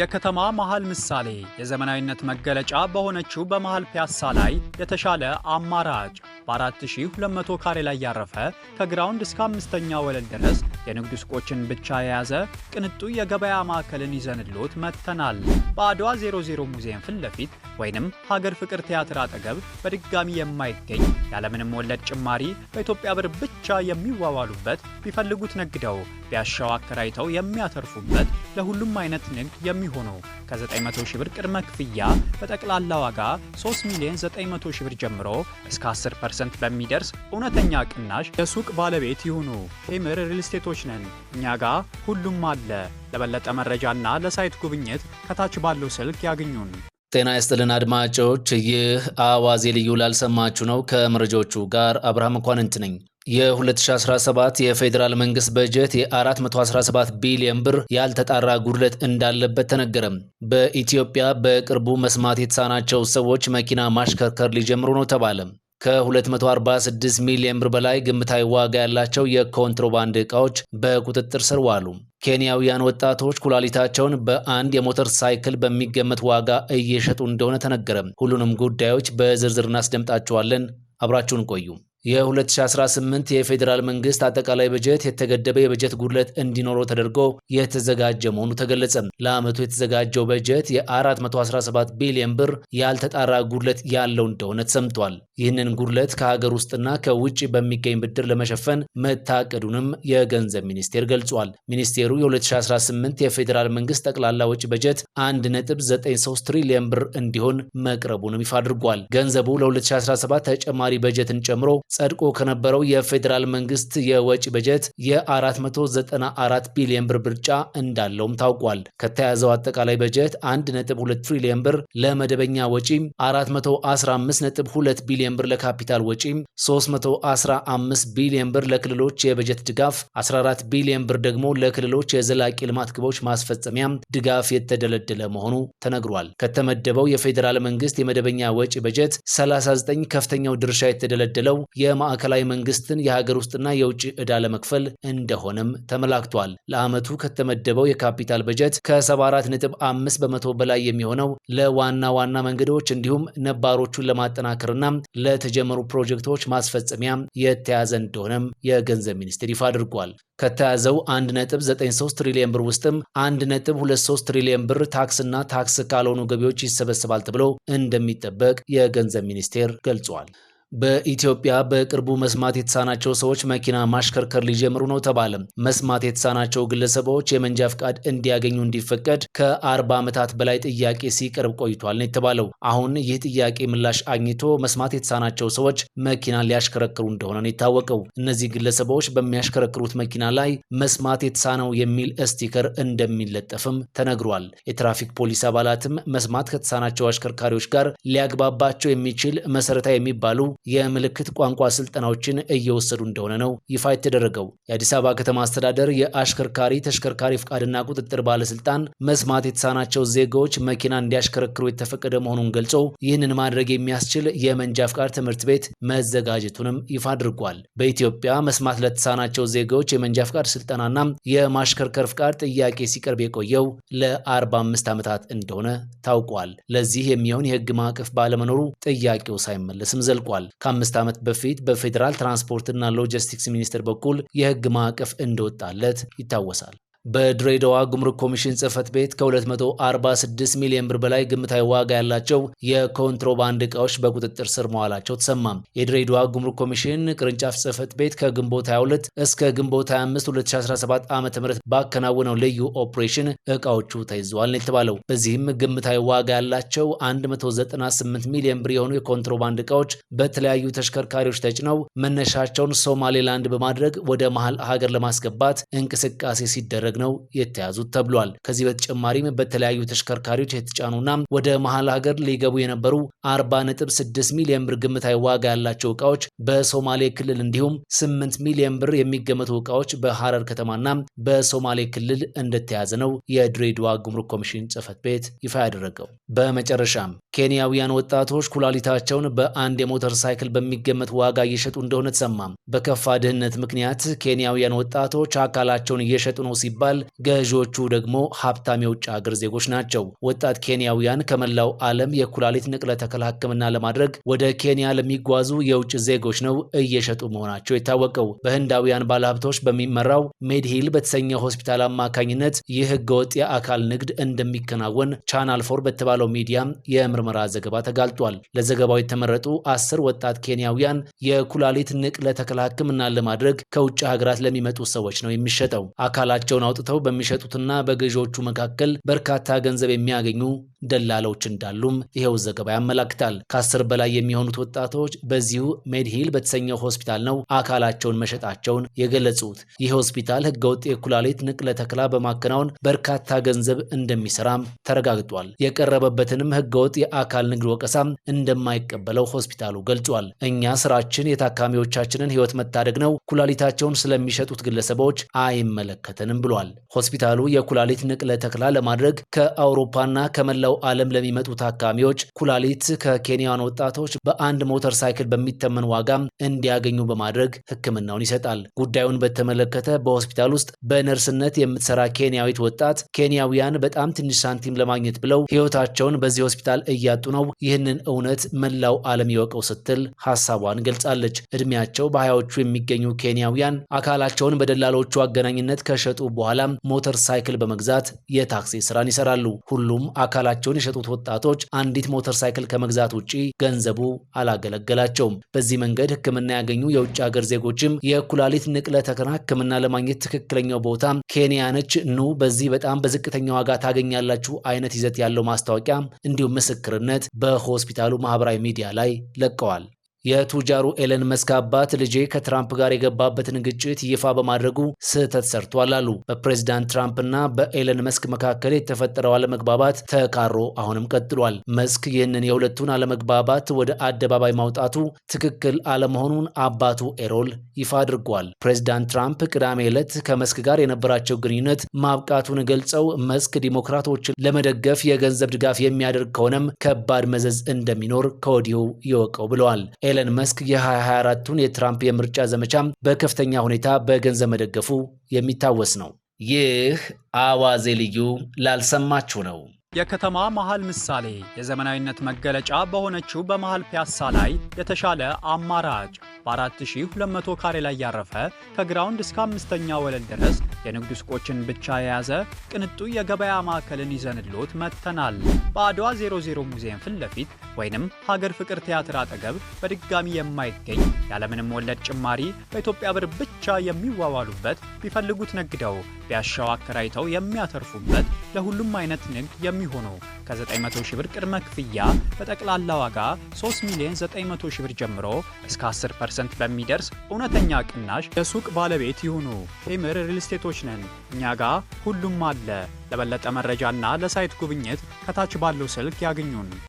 የከተማ መሃል ምሳሌ የዘመናዊነት መገለጫ በሆነችው በመሃል ፒያሳ ላይ የተሻለ አማራጭ በ4200 ካሬ ላይ ያረፈ ከግራውንድ እስከ አምስተኛ ወለል ድረስ የንግድ ሱቆችን ብቻ የያዘ ቅንጡ የገበያ ማዕከልን ይዘንሎት መጥተናል። በአድዋ 00 ሙዚየም ፊት ለፊት ወይንም ሀገር ፍቅር ቲያትር አጠገብ በድጋሚ የማይገኝ ያለምንም ወለድ ጭማሪ በኢትዮጵያ ብር ብቻ የሚዋዋሉበት ቢፈልጉት ነግደው ቢያሻው አከራይተው የሚያተርፉበት ለሁሉም አይነት ንግድ የሚሆኑ ከ900 ሺህ ብር ቅድመ ክፍያ በጠቅላላ ዋጋ 3 ሚሊዮን 900 ሺህ ብር ጀምሮ እስከ 10 ፐርሰንት በሚደርስ እውነተኛ ቅናሽ የሱቅ ባለቤት ይሁኑ። ቴምር ሪልስቴቶ ድርጅቶች ነን። እኛ ጋ ሁሉም አለ። ለበለጠ መረጃና ለሳይት ጉብኝት ከታች ባለው ስልክ ያግኙን። ጤና ይስጥልን አድማጮች፣ ይህ አዋዜ ልዩ ላልሰማችሁ ነው። ከመረጃዎቹ ጋር አብርሃም እንኳንንት ነኝ። የ2017 የፌዴራል መንግስት በጀት የ417 ቢሊዮን ብር ያልተጣራ ጉድለት እንዳለበት ተነገረም። በኢትዮጵያ በቅርቡ መስማት የተሳናቸው ሰዎች መኪና ማሽከርከር ሊጀምሩ ነው ተባለም። ከ246 ሚሊዮን ብር በላይ ግምታዊ ዋጋ ያላቸው የኮንትሮባንድ ዕቃዎች በቁጥጥር ስር ዋሉ። ኬንያውያን ወጣቶች ኩላሊታቸውን በአንድ የሞተር ሳይክል በሚገመት ዋጋ እየሸጡ እንደሆነ ተነገረ። ሁሉንም ጉዳዮች በዝርዝር እናስደምጣቸዋለን። አብራችሁን ቆዩም። የ2018 የፌዴራል መንግስት አጠቃላይ በጀት የተገደበ የበጀት ጉድለት እንዲኖረው ተደርጎ የተዘጋጀ መሆኑ ተገለጸም። ለዓመቱ የተዘጋጀው በጀት የ417 ቢሊዮን ብር ያልተጣራ ጉድለት ያለው እንደሆነ ተሰምቷል። ይህንን ጉድለት ከሀገር ውስጥና ከውጭ በሚገኝ ብድር ለመሸፈን መታቀዱንም የገንዘብ ሚኒስቴር ገልጿል። ሚኒስቴሩ የ2018 የፌዴራል መንግስት ጠቅላላ ወጪ በጀት 1.93 ትሪሊዮን ብር እንዲሆን መቅረቡንም ይፋ አድርጓል። ገንዘቡ ለ2017 ተጨማሪ በጀትን ጨምሮ ጸድቆ ከነበረው የፌዴራል መንግስት የወጪ በጀት የ494 ቢሊዮን ብር ብልጫ እንዳለውም ታውቋል። ከተያዘው አጠቃላይ በጀት 1.2 ትሪሊዮን ብር ለመደበኛ ወጪ፣ 415.2 ቢሊዮን ብር ለካፒታል ወጪ፣ 315 ቢሊዮን ብር ለክልሎች የበጀት ድጋፍ፣ 14 ቢሊዮን ብር ደግሞ ለክልሎች የዘላቂ ልማት ግቦች ማስፈጸሚያ ድጋፍ የተደለደለ መሆኑ ተነግሯል። ከተመደበው የፌዴራል መንግስት የመደበኛ ወጪ በጀት 39 ከፍተኛው ድርሻ የተደለደለው የማዕከላዊ መንግስትን የሀገር ውስጥና የውጭ ዕዳ ለመክፈል እንደሆነም ተመላክቷል። ለአመቱ ከተመደበው የካፒታል በጀት ከ74.5 በመቶ በላይ የሚሆነው ለዋና ዋና መንገዶች እንዲሁም ነባሮቹን ለማጠናከርና ለተጀመሩ ፕሮጀክቶች ማስፈጸሚያ የተያዘ እንደሆነም የገንዘብ ሚኒስቴር ይፋ አድርጓል። ከተያዘው 1.93 ትሪሊዮን ብር ውስጥም 1.23 ትሪሊዮን ብር ታክስና ታክስ ካልሆኑ ገቢዎች ይሰበሰባል ተብሎ እንደሚጠበቅ የገንዘብ ሚኒስቴር ገልጿል። በኢትዮጵያ በቅርቡ መስማት የተሳናቸው ሰዎች መኪና ማሽከርከር ሊጀምሩ ነው ተባለ። መስማት የተሳናቸው ግለሰቦች የመንጃ ፍቃድ እንዲያገኙ እንዲፈቀድ ከአርባ ዓመታት በላይ ጥያቄ ሲቀርብ ቆይቷል ነው የተባለው። አሁን ይህ ጥያቄ ምላሽ አግኝቶ መስማት የተሳናቸው ሰዎች መኪና ሊያሽከረክሩ እንደሆነ ነው የታወቀው። እነዚህ ግለሰቦች በሚያሽከረክሩት መኪና ላይ መስማት የተሳነው የሚል ስቲከር እንደሚለጠፍም ተነግሯል። የትራፊክ ፖሊስ አባላትም መስማት ከተሳናቸው አሽከርካሪዎች ጋር ሊያግባባቸው የሚችል መሰረታዊ የሚባሉ የምልክት ቋንቋ ስልጠናዎችን እየወሰዱ እንደሆነ ነው ይፋ የተደረገው። የአዲስ አበባ ከተማ አስተዳደር የአሽከርካሪ ተሽከርካሪ ፍቃድና ቁጥጥር ባለስልጣን መስማት የተሳናቸው ዜጋዎች መኪና እንዲያሽከረክሩ የተፈቀደ መሆኑን ገልጾ ይህንን ማድረግ የሚያስችል የመንጃ ፍቃድ ትምህርት ቤት መዘጋጀቱንም ይፋ አድርጓል። በኢትዮጵያ መስማት ለተሳናቸው ዜጋዎች የመንጃ ፍቃድ ስልጠናና የማሽከርከር ፍቃድ ጥያቄ ሲቀርብ የቆየው ለ45 ዓመታት እንደሆነ ታውቋል። ለዚህ የሚሆን የህግ ማዕቀፍ ባለመኖሩ ጥያቄው ሳይመለስም ዘልቋል። ከአምስት ዓመት በፊት በፌዴራል ትራንስፖርትና ሎጂስቲክስ ሚኒስቴር በኩል የህግ ማዕቀፍ እንደወጣለት ይታወሳል። በድሬዳዋ ጉምሩክ ኮሚሽን ጽህፈት ቤት ከ246 ሚሊዮን ብር በላይ ግምታዊ ዋጋ ያላቸው የኮንትሮባንድ እቃዎች በቁጥጥር ስር መዋላቸው ተሰማም። የድሬዳዋ ጉምሩክ ኮሚሽን ቅርንጫፍ ጽህፈት ቤት ከግንቦት 22 እስከ ግንቦት 25 2017 ዓ ም ባከናወነው ልዩ ኦፕሬሽን እቃዎቹ ተይዘዋል የተባለው በዚህም ግምታዊ ዋጋ ያላቸው 198 ሚሊዮን ብር የሆኑ የኮንትሮባንድ እቃዎች በተለያዩ ተሽከርካሪዎች ተጭነው መነሻቸውን ሶማሌላንድ በማድረግ ወደ መሀል ሀገር ለማስገባት እንቅስቃሴ ሲደረግ በማድረግ ነው የተያዙት ተብሏል። ከዚህ በተጨማሪም በተለያዩ ተሽከርካሪዎች የተጫኑና ወደ መሀል ሀገር ሊገቡ የነበሩ 46 ሚሊዮን ብር ግምታዊ ዋጋ ያላቸው እቃዎች በሶማሌ ክልል እንዲሁም 8 ሚሊዮን ብር የሚገመቱ እቃዎች በሐረር ከተማና በሶማሌ ክልል እንደተያዘ ነው የድሬድዋ ጉምሩክ ኮሚሽን ጽህፈት ቤት ይፋ ያደረገው። በመጨረሻም ኬንያውያን ወጣቶች ኩላሊታቸውን በአንድ የሞተር ሳይክል በሚገመት ዋጋ እየሸጡ እንደሆነ ተሰማም። በከፋ ድህነት ምክንያት ኬንያውያን ወጣቶች አካላቸውን እየሸጡ ነው ሲባል ሲባል ገዢዎቹ ደግሞ ሀብታም የውጭ ሀገር ዜጎች ናቸው። ወጣት ኬንያውያን ከመላው ዓለም የኩላሊት ንቅለ ተከላ ሕክምና ለማድረግ ወደ ኬንያ ለሚጓዙ የውጭ ዜጎች ነው እየሸጡ መሆናቸው የታወቀው። በህንዳውያን ባለሀብቶች በሚመራው ሜድሂል በተሰኘ ሆስፒታል አማካኝነት ይህ ህገወጥ የአካል ንግድ እንደሚከናወን ቻናል ፎር በተባለው ሚዲያም የምርመራ ዘገባ ተጋልጧል። ለዘገባው የተመረጡ አስር ወጣት ኬንያውያን የኩላሊት ንቅለ ተከላ ሕክምና ለማድረግ ከውጭ ሀገራት ለሚመጡ ሰዎች ነው የሚሸጠው አካላቸውን አውጥተው በሚሸጡትና በገዢዎቹ መካከል በርካታ ገንዘብ የሚያገኙ ደላሎች እንዳሉም ይኸው ዘገባ ያመላክታል። ከአስር በላይ የሚሆኑት ወጣቶች በዚሁ ሜድሂል በተሰኘው ሆስፒታል ነው አካላቸውን መሸጣቸውን የገለጹት። ይህ ሆስፒታል ህገወጥ የኩላሊት ንቅለ ተክላ በማከናወን በርካታ ገንዘብ እንደሚሰራም ተረጋግጧል። የቀረበበትንም ህገወጥ የአካል ንግድ ወቀሳም እንደማይቀበለው ሆስፒታሉ ገልጿል። እኛ ስራችን የታካሚዎቻችንን ህይወት መታደግ ነው፣ ኩላሊታቸውን ስለሚሸጡት ግለሰቦች አይመለከተንም ብሏል። ተናግረዋል። ሆስፒታሉ የኩላሊት ንቅለ ተክላ ለማድረግ ከአውሮፓና ከመላው ዓለም ለሚመጡ ታካሚዎች ኩላሊት ከኬንያን ወጣቶች በአንድ ሞተር ሳይክል በሚተመን ዋጋም እንዲያገኙ በማድረግ ሕክምናውን ይሰጣል። ጉዳዩን በተመለከተ በሆስፒታል ውስጥ በነርስነት የምትሰራ ኬንያዊት ወጣት ኬንያውያን በጣም ትንሽ ሳንቲም ለማግኘት ብለው ሕይወታቸውን በዚህ ሆስፒታል እያጡ ነው፣ ይህንን እውነት መላው ዓለም ይወቀው ስትል ሀሳቧን ገልጻለች። እድሜያቸው በሀያዎቹ የሚገኙ ኬንያውያን አካላቸውን በደላሎቹ አገናኝነት ከሸጡ በኋላ በኋላም ሞተር ሳይክል በመግዛት የታክሲ ስራን ይሰራሉ። ሁሉም አካላቸውን የሸጡት ወጣቶች አንዲት ሞተር ሳይክል ከመግዛት ውጪ ገንዘቡ አላገለገላቸውም። በዚህ መንገድ ሕክምና ያገኙ የውጭ ሀገር ዜጎችም የኩላሊት ንቅለ ተከላ ሕክምና ለማግኘት ትክክለኛው ቦታ ኬንያ ነች፣ ኑ በዚህ በጣም በዝቅተኛ ዋጋ ታገኛላችሁ አይነት ይዘት ያለው ማስታወቂያ እንዲሁም ምስክርነት በሆስፒታሉ ማህበራዊ ሚዲያ ላይ ለቀዋል። የቱጃሩ ኤለን መስክ አባት ልጄ ከትራምፕ ጋር የገባበትን ግጭት ይፋ በማድረጉ ስህተት ሰርቷል አሉ። በፕሬዚዳንት ትራምፕና በኤለን መስክ መካከል የተፈጠረው አለመግባባት ተካሮ አሁንም ቀጥሏል። መስክ ይህንን የሁለቱን አለመግባባት ወደ አደባባይ ማውጣቱ ትክክል አለመሆኑን አባቱ ኤሮል ይፋ አድርጓል። ፕሬዚዳንት ትራምፕ ቅዳሜ ዕለት ከመስክ ጋር የነበራቸው ግንኙነት ማብቃቱን ገልጸው መስክ ዲሞክራቶችን ለመደገፍ የገንዘብ ድጋፍ የሚያደርግ ከሆነም ከባድ መዘዝ እንደሚኖር ከወዲሁ ይወቀው ብለዋል። ኤለን መስክ የ2024ቱን የትራምፕ የምርጫ ዘመቻ በከፍተኛ ሁኔታ በገንዘብ መደገፉ የሚታወስ ነው። ይህ አዋዜ ልዩ ላልሰማችሁ ነው። የከተማ መሃል ምሳሌ የዘመናዊነት መገለጫ በሆነችው በመሃል ፒያሳ ላይ የተሻለ አማራጭ በ4200 ካሬ ላይ ያረፈ ከግራውንድ እስከ አምስተኛ ወለል ድረስ የንግድ ሱቆችን ብቻ የያዘ ቅንጡ የገበያ ማዕከልን ይዘንሎት መጥተናል። በአድዋ 00 ሙዚየም ፊት ለፊት ወይንም ሀገር ፍቅር ቲያትር አጠገብ በድጋሚ የማይገኝ ያለምንም ወለድ ጭማሪ በኢትዮጵያ ብር ብቻ የሚዋዋሉበት ቢፈልጉት ነግደው ቢያሻው አከራይተው የሚያተርፉበት ለሁሉም አይነት ንግድ የሚሆኑ ከ900 ሺህ ብር ቅድመ ክፍያ በጠቅላላ ዋጋ 3 ሚሊዮን 900 ሺህ ብር ጀምሮ እስከ 10 በሚደርስ እውነተኛ ቅናሽ የሱቅ ባለቤት ይሁኑ። ቴምር ሪል ሸማቾች ነን። እኛ ጋ ሁሉም አለ። ለበለጠ መረጃና ለሳይት ጉብኝት ከታች ባለው ስልክ ያግኙን።